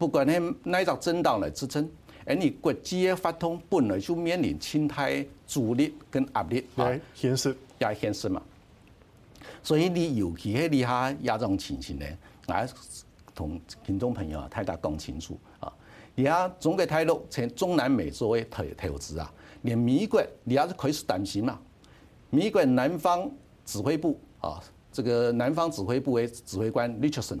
不管喺哪一種政黨來支撐，而你國際的發通本來就面臨強大阻力跟壓力，來現實，也現實嘛。所以你尤其你底下亞種情形呢，我同聽眾朋友啊，太大講清楚啊。而家中國大陸從中南美洲嘅投投資啊，連美國你是可以擔心嘛？美國南方指揮部啊，這個南方指揮部嘅指揮官 Richardson。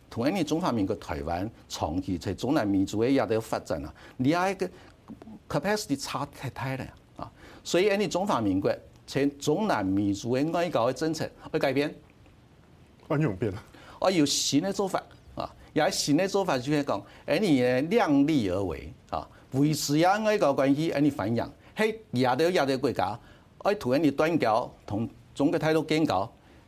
同呢的，中華民國台灣長期在中南民族的壓力發展啊，你愛一 capacity 差太太了。啊！所以呢啲中華民國在中南民族的外交政策會改變，安永變啦，我要新的做法啊！也係新的做法，就講講誒你量力而為，啊，維持下外交關係反，誒你反響喺也都要也都要國家，誒同然的斷交同中國大陸建交。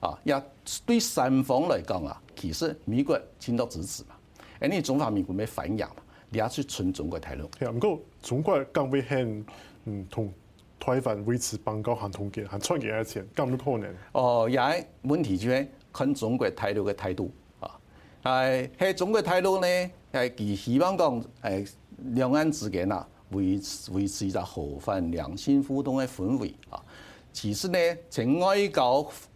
啊！也對三方來講啊，其實美國千到支持嘛，而你中華民國咪反壓嘛，你係去存中國態度。如果、啊、中國咁樣去，嗯，同台灣維持邦交行同嘅，行穿越嘅事情，咁都可能。哦、啊，也問題就係看中國態度嘅態度啊！喺、哎、中國態度呢，係、啊、希望講誒兩岸之間啊，維持維持一個和平、良性互動嘅氛圍。啊。其實呢，從外交